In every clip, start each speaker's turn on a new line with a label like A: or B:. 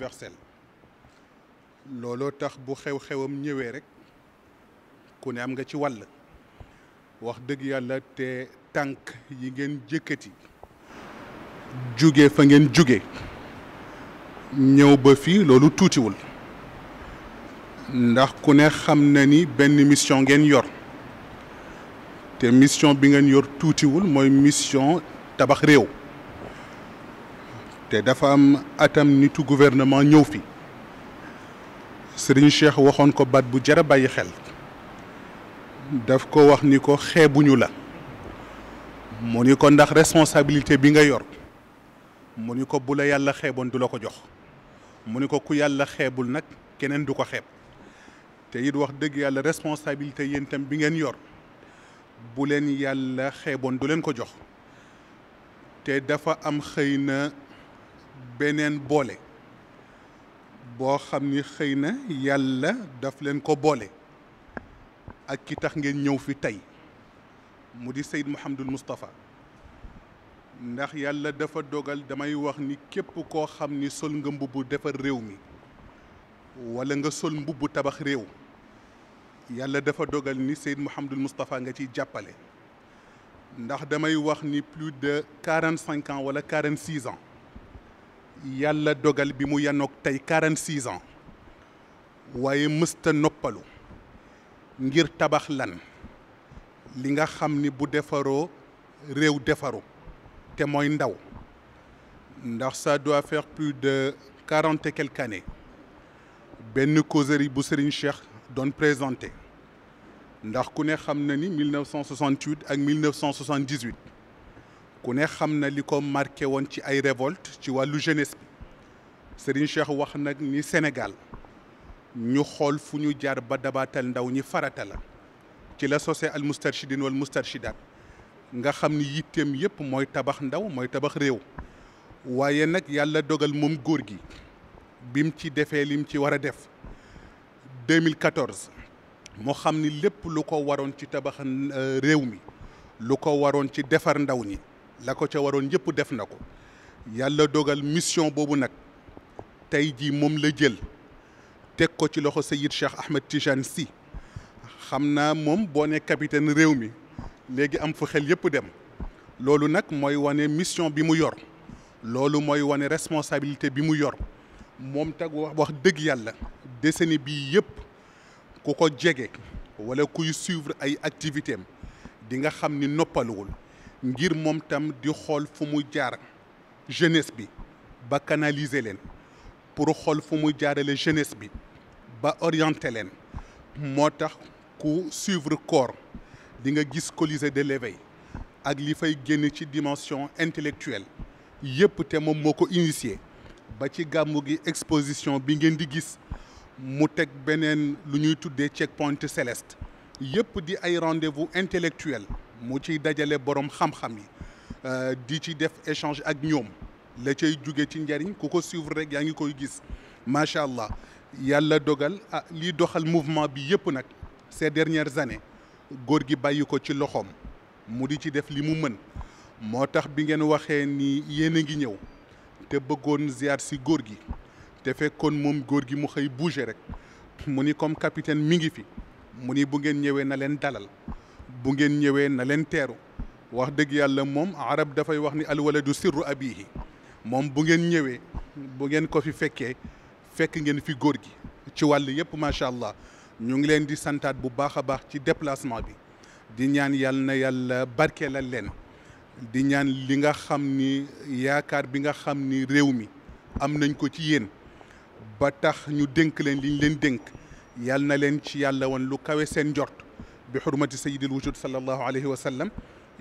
A: universel looloo tax bu xew-xewam ñëwee rek ku ne am nga ci wàll wax dëgg yàlla te tànk yi ngeen jëkkati jóge fa ngeen jóge ñëw ba fii loolu tuutiwul ndax ku ne xam na ni benn mission ngeen yor te mission bi ngeen yor tuutiwul mooy mission tabax réew te dafa am atam nitu gouvernement ñëw fi Serigne Cheikh waxoon ko baat bu jara bàyyi xel daf ko wax ni ko xeebuñu la mu ni ko ndax responsabilité bi nga yor mu ni ko bu la yàlla xeeboon du la ko jox mu ni ko ku yàlla xeebul nag keneen du ko xeeb te it wax dëgg yàlla responsabilité yéen tam bi ngeen yor bu leen yàlla xeeboon du leen ko jox te dafa am xëy na beneen boole boo xam ni xëy na yàlla daf leen ko boole ak ki tax ngeen ñëw fi tey mu di Seyd Mouhamadul Moustapha ndax yàlla dafa dogal damay wax ni képp koo xam ni sol nga mbubb defar réew mi walla nga sol mbubb tabax réew yàlla dafa dogal ni Seyd Mouhamadul Moustapha nga ciy jàppale ndax damay wax ni plus de quarante cinq ans wala quarante six ans yàlla dogal bi mu yanoog tey quarante six ans waaye mësta noppalu ngir tabax lan li nga xam ni bu defaroo réew defaru te mooy ndaw ndax ça doit faire plus de quarante et quelques années benn causerie bu Serigne Cheikh doon présenté ndax ku ne xam na ni 1968 ak 1978 ku ne xam na li ko marqué woon ci ay révolte ci wàllu jeunesse bi Serigne Cheikh wax nag ni senegal ñu xool fu ñu jaar ba dabaatal ndaw ñi farata la ci la sosé al moustarchidine wal moustarchidaat nga xam ni yitteem yépp mooy tabax ndaw mooy tabax réew waaye nag yàlla dogal moom góor gi bim ci defee lim ci war a def 2014 moo xam ni lépp lu ko waroon ci tabax euh, réew mi lu ko waroon ci defar ndaw ñi la ko ca waroon yëpp def na ko yàlla dogal mission boobu nag tey jii moom la jël teg ko ci loxo Seyid Cheikh Ahmed Tijane si xam naa moom boo ne capitaine réew mi léegi am fu xel yëpp dem loolu nag mooy wane mission bi mu yor loolu mooy wane responsabilité bi mu yor moom tag wax dëgg yàlla décennie bii yëpp ku ko jege wala kuy suivre ay activités am di nga xam ni noppaluwul ngir moom tam di xool fu mu jaar jeunesse bi ba canaliser leen pour xool fu muy jaarale jeunesse bi ba orienter leen moo tax ku suivre corps di nga gis Colisée de l'éveil ak li fay génn ci dimension intellectuelle yëpp te moom moo ko initié ba ci gàmmu gi exposition bi ngeen di gis mu teg beneen lu ñuy tuddee checkpoint céleste yëpp di ay rendez-vous intellectuel mu ci dajale borom xam-xam yi euh, di ci def échange ak ñoom la cay juge ci njariñ ku ko suivre rek yaa ngi koy gis macha allah yàlla dogal ah lii doxal mouvement bi yépp nag ces dernières années góor gi bàyyi ko ci loxoom mu di ci def li mu mën moo tax bi ngeen waxee ni yéen a ngi ñëw te bëggoon ziar si góor gi te fekkoon moom góor gi mu xëy bouger rek mu ni comme capitaine mi ngi fi mu ni bu ngeen ñëwee na leen dalal bu ngeen ñëwee na leen teeru wax dëgg yàlla moom arab dafay wax ni alwaladu sirru abihi moom bu ngeen ñëwee bu ngeen ko fi fekkee fekk ngeen fi góor gi ci wàll yëpp macha allah ñu ngi leen di santaat bu baax a baax ci déplacement bi di ñaan yàlla na yàlla barkeelal leen di ñaan li nga xam ni yaakaar bi nga xam ni réew mi am nañ ko ci yéen ba tax ñu dënk leen liñ leen dénk yàlla na leen ci yàlla woon lu kawe seen njort bi xurmati sayidil wujud sallallahu alayhi wa sallam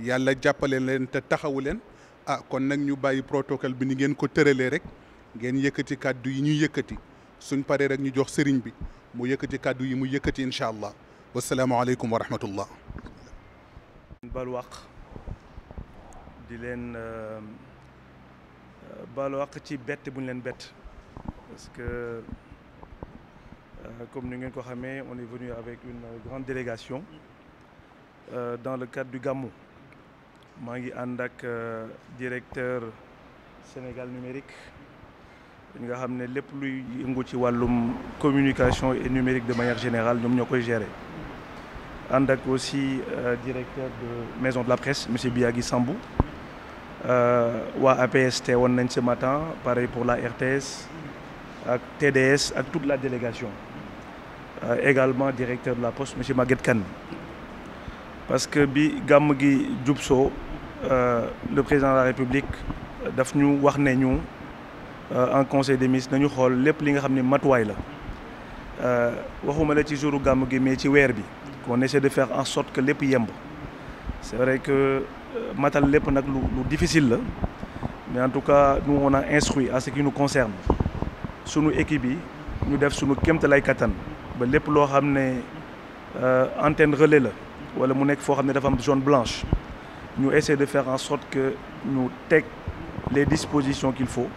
A: yàlla jàppale leen te taxawu leen ah kon nag ñu bàyyi protocole bi ni ngeen ko tëralee rek ngeen yëkkati kàddu yi ñuy yëkkati suñ paree rek ñu jox sëriñ bi mu yëkkati kàddu yi mu yëkkati incha allah wasalaamualeykum wa rahmatullah
B: balu waq di leen euh, euh, balu waq ci bett bu leen bett Euh, comme ni ngeen ko xamee on est venu avec une euh, grande délégation euh, dans le cadre du Gamou maa ngi ànd ak euh, directeur Sénégal numérique nga xam ne lépp luy yëngu ci wàllum communication et numérique de manière générale ñoom ñoo koy gérer ànd ak aussi euh, directeur de maison de la presse monsieur Biagui Sambou waa euh, APS nañ ce matin pareil pour la RTS ak TDS ak toute la délégation Euh, également directeur de la poste monsieur Maguette Kane parce que bi gàmm gi jub soo euh, le président de la république euh, daf ñu wax ne ñu en conseil de ministres nañu xool lépp li nga xam ne matuwaay la waxuma la ci jouru gàmm gi mais ci weer bi qu'on essaie de faire en sorte que lépp yemb c'est vrai que matal lépp nag lu difficile la mais en tout cas nous on a instruit à ce qui nous concerne sunu équipe yi ñu def sunu kéemtalaay kattan ba lépp loo xam ne euh, antenne relais la wala mu nekk foo xam ne dafa am zone blanche ñu essayer de faire en sorte que ñu teg les dispositions qu'il faut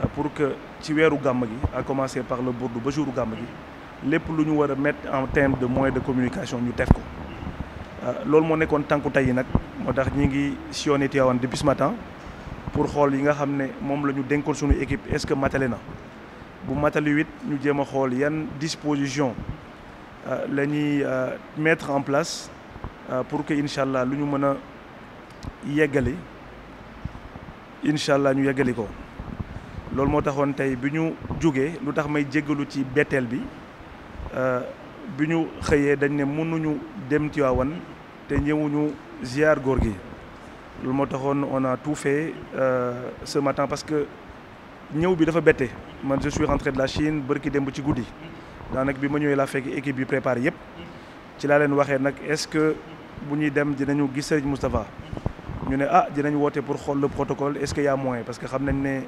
B: euh, pour que ci weeru gàmm gi à commencer par le bourdu ba jouru gàmm gi lépp lu ñu war a mettre en terme de moyens de communication ñu def ko euh, loolu moo nekkoon tànku tey nag moo tax ñi ngi si sillonné Tivaouane depuis ce matin pour xool yi nga xam ne moom la ñu dénkoon suñu équipe est-ce que matale na bu matali huit ñu jéem a xool yan disposition euh, lañuy ñuy euh, mettre en place euh, pour que incha allah lu ñu mën a yeggali incha allah ñu yeggali ko loolu moo taxoon tey bi ñu jógee lu tax may jéggalu ci betteel bi bi ñu xëyee dañ ne mënuñu dem Tiwaawan te ñëwuñu ziar góor gi loolu moo taxoon on a tout fait ce matin parce que ñëw bi dafa bette man je suis rentré de la Chine bërki démb ci guddi daanaka bi ma ñëwee la fekk équipe bi préparé yëpp ci laa leen waxee nag est-ce que bu ñuy dem dinañu gis Serigne Moustapha ñu ne ah dinañ woote pour xool le protocole est-ce que y a moyen parce que xam nañ ne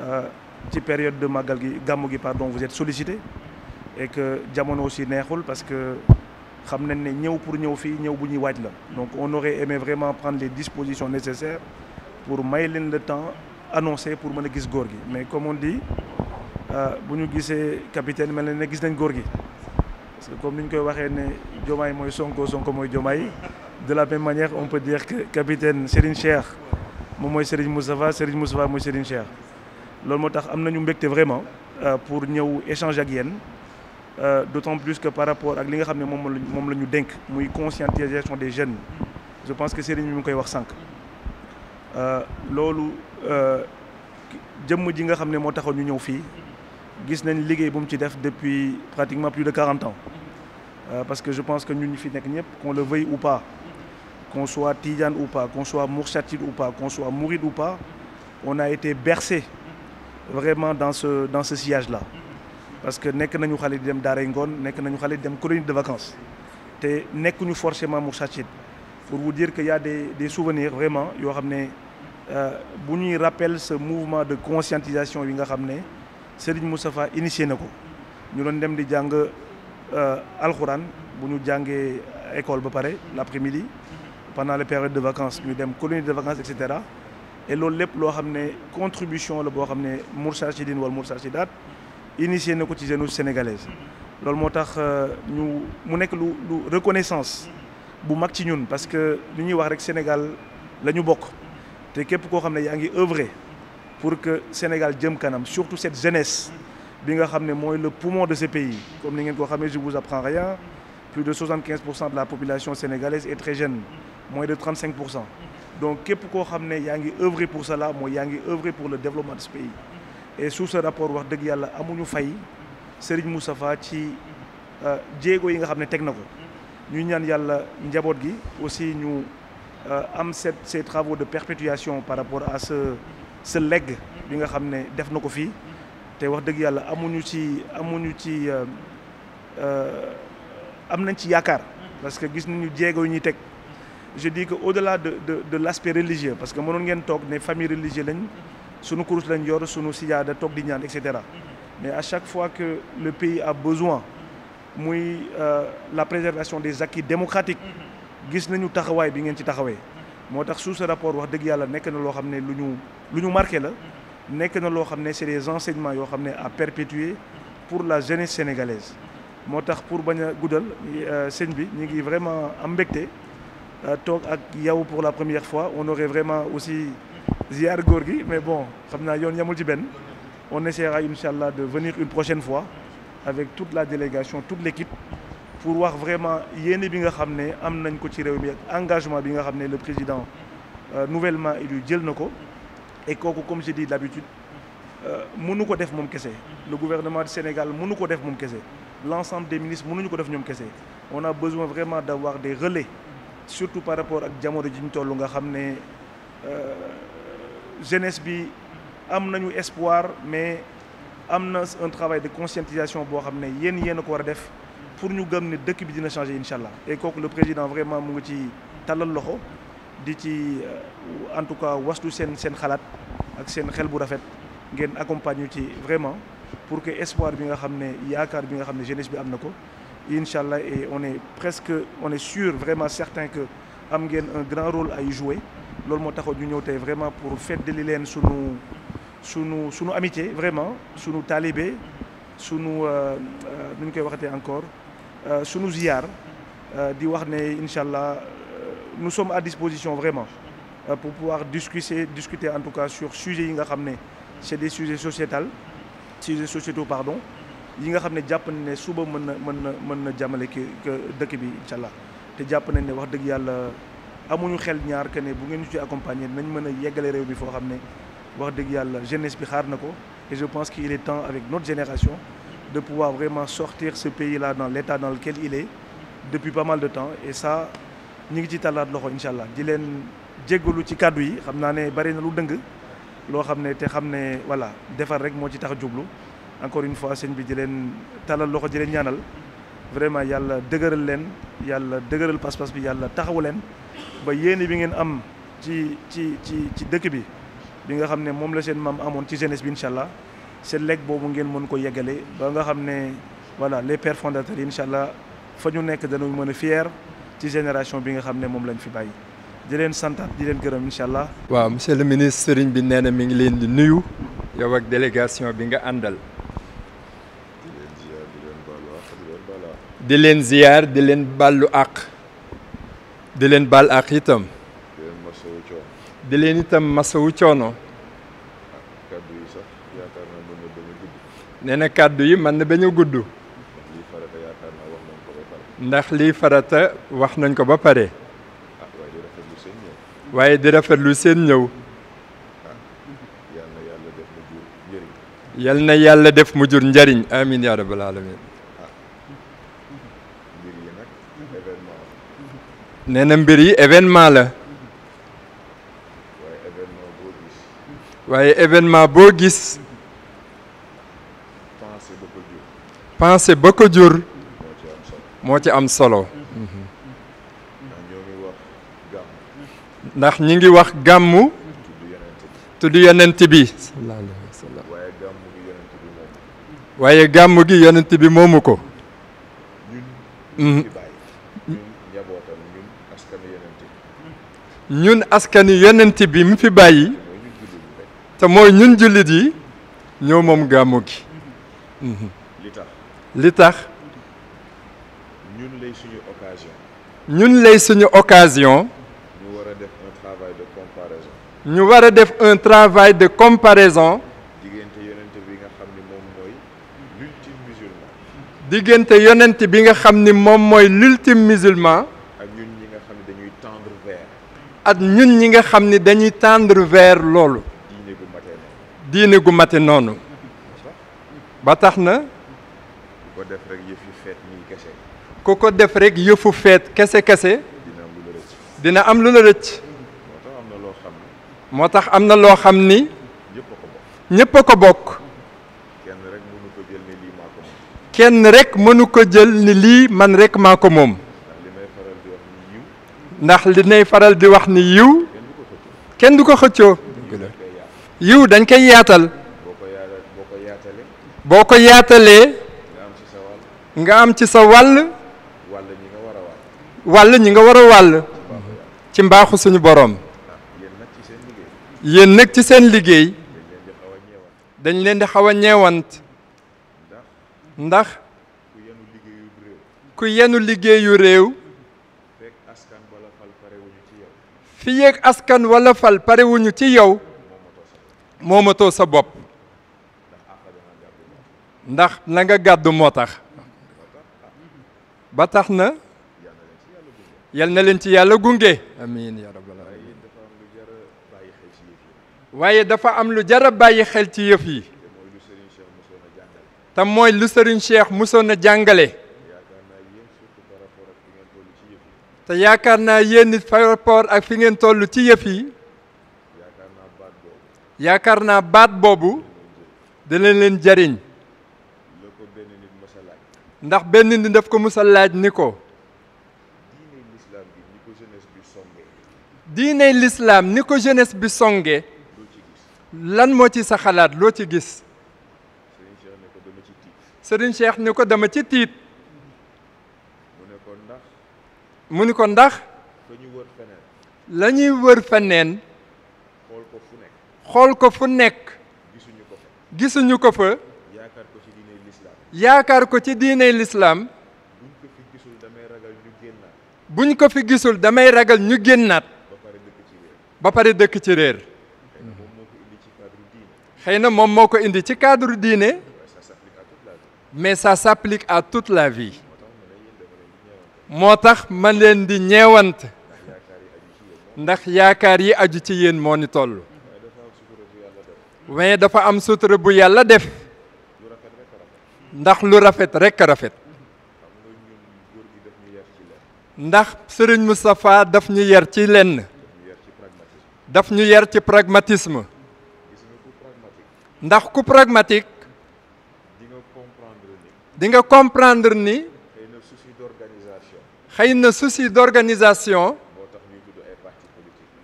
B: euh, ci période de magal gi gàmmu gi pardon vous êtes sollicité et que jamono aussi neexul parce que xam nañ ne ñëw pour ñëw fii ñëw bu ñuy waaj la donc on aurait aimé vraiment prendre les dispositions pour may leen le temps annoncé pour mën a gis góor gi mais comme Euh, bu ñu gisee capitaine mel na ne gis nañ góor gi parce que comme ni ñu koy waxee ne Diomaye mooy Sonko Sonko mooy Diomaye de la même manière on peut dire que capitaine Serigne Cheikh moom mooy Serigne Moustapha Serigne Moustapha mooy Serigne Cheikh loolu moo tax am nañu mbégte vraiment euh, pour ñëw échanger ak yéen euh, d'autant plus que par rapport ak li nga xam ne moom lañ moom la ñu dénk muy conscientisation des jeunes je pense que Serigne bi mu koy wax sànq loolu jëmm ji nga xam ne moo taxoon ñu ñëw fii gis nañ liggéey bu mu ci def depuis pratiquement plus de quarante ans euh, parce que je pense que ñun ñu fi nekk ñëpp qu'on le veuille ou pas qu'on soit Tidiane ou pas qu'on soit Mourchatide ou pas on a été bercé vraiment dans ce dans ce sillage parce que nekk nañu xale di dem daaray ngoon nekk nañu xale di dem colonie de vacances te nekkuñu forcément Mourchatide pour vous dire qu'il ya des des souvenirs vraiment yoo xam ne euh, bu ñuy rappel ce mouvement de conscientisation yi nga xam ne Serigne Moustapha initié na ko ñu doon dem di jàng euh, alxuraan bu ñu jàngee école ba pare l'après-midi pendant les périodes de vacances ñu dem colonie de vacances et cetera et loolu lépp loo xam ne contribution la boo xam ne Moustarchidine wala Moustarchidaat initié na ko ci jeunesse sénégalaise loolu moo tax euh, ñu mu nekk lu lu reconnaissance bu mag ci ñun parce que lu ñuy wax rek Sénégal la ñu bokk te képp koo xam ne yaa ngi œuvrer pour que Sénégal jëm kanam surtout cette jeunesse bi nga xam ne mooy le poumon de ce pays comme ni ngeen ko xamee je vous apprends rien plus de pour cent de la population sénégalaise est très jeune moins de 35 donc képp koo xam ne yaa ngi œuvrer pour cela mooy yaa ngi œuvrer pour le développement de ce pays et sous ce rapport wax dëgg yàlla ñu fay Serigne Moustapha ci euh, jéego yi nga xam ne teg na ko ñuy ñaan yàlla njaboot gi aussi ñu euh, am cette ces travaux de perpétuation par rapport à sa legg bi nga xam ne def na ko fii te wax dëgg yàlla ñu ci ñu ci euh, euh, am nañ ci yaakaar parce que gis nañu jéego yu ñuy teg je dis que au-delà de de de l'aspect religieux parce que mënoon ngeen toog ne famille religieuse lañ sunu kurus lañ yor sunu sijaada toog di ñaan et cetera mais à chaque fois que le pays a besoin muy euh, la préservation des acquis démocratiques gis nañu taxawaay bi ngeen ci taxawee moo tax sous ce rapport wax dëgg yàlla nekk na loo xam ne lu ñu lu ñu marqué la nekk na loo xam ne c'est des enseignements yoo xam ne à perpétuer pour la jeunesse sénégalaise moo tax pour bañ a guddal euh, sëñ bi ñu ngi vraiment am mbégte euh, toog ak yow pour la première fois on aurait vraiment aussi ziar góor gi mais bon xam naa yoon yamul ci benn on essaiera incha allah de venir une prochaine fois avec toute la délégation toute l'équipe pour wax vraiment yéene bi nga xam ne am nañ ko ci réew mi ak engagement bi nga xam ne le président euh, nouvellement élu jël na ko e kooku comme je dis d'habitude euh, mënu ko def moom kese le gouvernement du Sénégal mënu ko def moom kese l'ensemble des ministres mënuñu ko def ñoom kese on a besoin vraiment d'avoir des relais surtout par rapport ak jamono ji ñu toll nga xam ne euh, jeunesse bi am nañu espoir mais am na un travail de conscientisation boo xam ne yéen yéen a ko war a def pour ñu gëm ne dëkk bi dina changer incha allah et kooku le président vraiment mu ngi ci tàllal loxo di ci euh, en tout cas wastu seen seen xalaat ak seen xel bu rafet ngeen accompagner ci vraiment pour que espoir bi nga xam ne yaakaar bi nga xam ne jeunesse bi am na ko incha allah et on est presque on est sûr vraiment certain que am ngeen un grand rôle ay jouer loolu moo taxoon ñu ñëw tey vraiment pour feddali leen sunu sunu sunu amitié vraiment sunu talibé sunu euh, euh, nu ñu koy waxatee encore Euh, sunu ziar euh, di wax ne incha allah euh, nous sommes à disposition vraiment pour pouvoir discuter discuter en tout cas sur sujets yi nga xam ne c'est des sujets sociétals sujets sociétaux pardon yi nga xam ne jàpp nañ ne suba mën na mën na mën na jàmmale ki dëkk bi incha te jàpp nañ ne wax dëgg yàlla amuñu xel ñaar que ne bu ngeen ñu ci accompagner nañ mën a yeggale réew mi foo xam ne wax dëgg yàlla jeunesse bi xaar na ko et je pense qu'il est temps avec notre génération de pouvoir vraiment sortir ce pays-là dans l'état dans lequel il depuis pas mal de temps et sa ñu ngi ci tàllaat loxo incha allah di leen jéggalu ci kàddu yi xam naa ne bari na lu dëng loo xam ne te xam ne voilà defar rek moo ci tax a jublu encore une fois sëñ bi di leen tàllal loxo di leen ñaanal vraiment yàlla dëgëral leen yàlla dëgëral pas-pas bi yàlla taxawu leen ba yéene bi ngeen am ci ci ci ci dëkk bi bi nga xam ne moom la seen maam amoon ci jeunesse bi incha allah seen lekk boobu ngeen mën ko yeggale ba nga xam ne voilà les pères fondateurs yi incha allah fa ñu nekk danañ mën a fier ci génération bi nga xam ne moom lañ fi bàyyi di leen santaat di leen gërëm incha allah.
C: waaw monsieur le ministre sëriñ bi nee na mi ngi leen di nuyu.
B: yow ak délégation bi nga àndal.
C: di leen ziyaar di leen bàllu àq. di leen baal àq itam. di leen itam wu coono. nee na kàddu yi mën na bañ gudd. ndax lii farata wax nañ ko ba pare. waaye di rafetlu seen ñëw.
A: yal na yàlla def
C: mu jur njariñ amin yaa rabbal alamin na mbir yi événement la waaye événement boo gis pensé ba ko jur moo ci am solo ndax ñi ngi wax gàmmu tudd yonent bi sallallahu alayhi wa sallam waaye gàmmu gi yonent bi moomu ko ñun askani yonent bi mu fi bàyyi te mooy ñun jullit yi ñoo moom gàmmu gi li tax
A: ñun lay suñu occasion.
C: ñun lay suñu occasion. ñu war a def un travail de comparaison. ñu war a def un travail de comparaison. diggante yonent bi nga xam ni moom mooy l'ultime musulman. diggante yonent bi nga xam ni moom mooy l'ultime musulman. ak ñun ñi nga
B: xam ni dañuy tendre vers.
C: ak ñun ñi nga xam ni dañuy tendre vers loolu. diine gu mate noonu. diine gu mate noonu ba tax na.
B: ko def rek yëfu feet nii kese.
C: ku ko def rek yëfu feet kese kese. dina am lu la rëcc. dina moo tax am na loo xam ni. ñépp a ko bokk. kenn rek mënu ko jël ni lii mënu ko jël ni lii man rek maa ko moom. ndax li nay faral di wax ni yiw. kenn du ko xëccoo. yiw dañ koy yaatal. boo boo ko yaatalee. nga am ci sa wàll wàll ñi nga war a wàll ci mbaaxu suñu boroom yéen nag ci seen liggéey dañ leen di xaw a ñeewant ndax ku yenu liggéeyu réew fi yeeg askan wala fal parewuñu ci yow moomatoo sa bopp ndax na nga gàddu moo tax ba tax na yal na leen ci yàlla gunge amiin ya waaye dafa am lu jar a bàyyi xel ci yëf yi te mooy lu sëriñ Cheikh musoon a jàngale te yaakaar naa yéen it ak fi ngeen toll ci yëf yi yaakaar naa baat boobu dana leen jariñ nit mës ndax benn nit daf ko mës laaj ni ko. diine lislaam bi ni ko jeunesse bi songee. lislaam ni ko jeunesse bi songee. lan moo ci sa xalaat loo ci gis. Serigne Cheikh ni ko dama ci tiit. mu ni ko ndax. mu ni ko ndax.
A: la ñuy wër feneen.
C: la ñuy wër feneen. xool ko fu nekk. xool ko gisuñu ko fa. yaakaar ko ci diiney lislaam buñ ko fi gisul damay ragal ñu génnaat ba pare dëkk ci réer xëy na moom moo ko indi ci cadre diine mais ça s'applique à toute la vie moo tax ma leen di ñeewant ndax yaakaar yi aju ci yéen moo ni toll mais dafa am sutura bu yàlla def ndax lu rafet rekk a rafet ndax sëriñ Moustapha daf ñu yar ci lenn daf ñu yar ci pragmatisme ndax ku pragmatique di nga comprendre ni xëy na souci d'organisation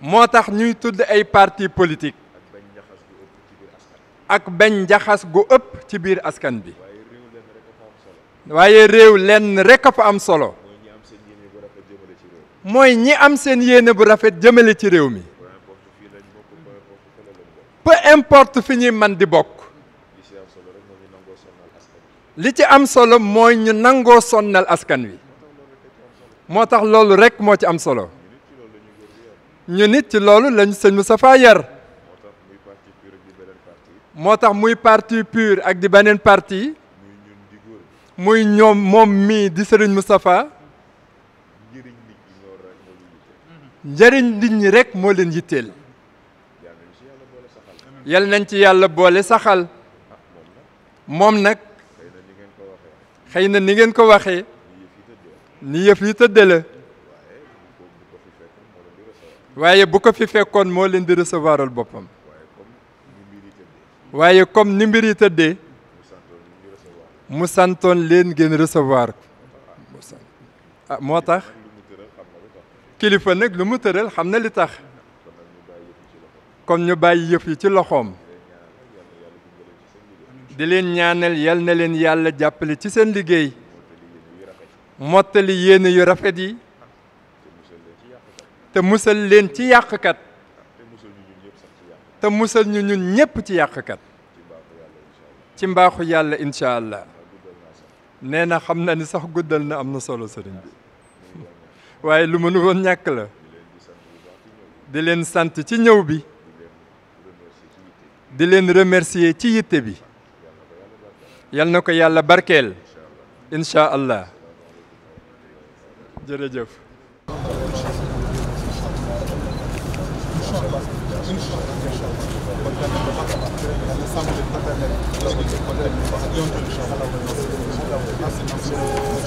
C: moo tax ñuy tudd ay parti politique ak bañ jaxas gu ëpp ci biir askan bi waaye réew lenn rek a fa am solo mooy ñi am seen yéene bu rafet jëmale ci réew mi peu importe fi ñuy man di bokk li ci am solo mooy ñu nangoo sonnal askan wi moo tax loolu rek moo ci am solo ñu nit ci loolu lañ sëñ Moustapha yar moo tax muy parti pur ak di beneen parti muy ñoom moom mii di Serigne Moustapha njëriñ nit ñi rekk moo leen yitteel yal nañ ci yàlla boole saxal ah, moom nag xëy na ni ngeen ko waxee ni yëf yi tëdd la waaye bu ko fi fekkoon moo leen di resevoiral boppam waaye comme ni mbir yi tëddee musantoon leen ngeen recevoir ah moo tax kilifa nag lu mu tëral xam na li tax kon ñu bàyyi yëf yi ci loxoom di leen ñaanal yal na leen yàlla jàppale ci seen liggéey mottali yéene yu rafet yi te musal leen ci yàqkat te musal ñu ñun ñëpp ci yàqkat ci mbaaxu yàlla incha allah nee na xam na ni sax guddal na am na solo sëriñ bi waaye lu mënu woon ñàkk la di leen sant ci ñëw bi di leen remercier ci yitte bi yal na ko yàlla barkeel incha allah jërëjëf
A: Merci.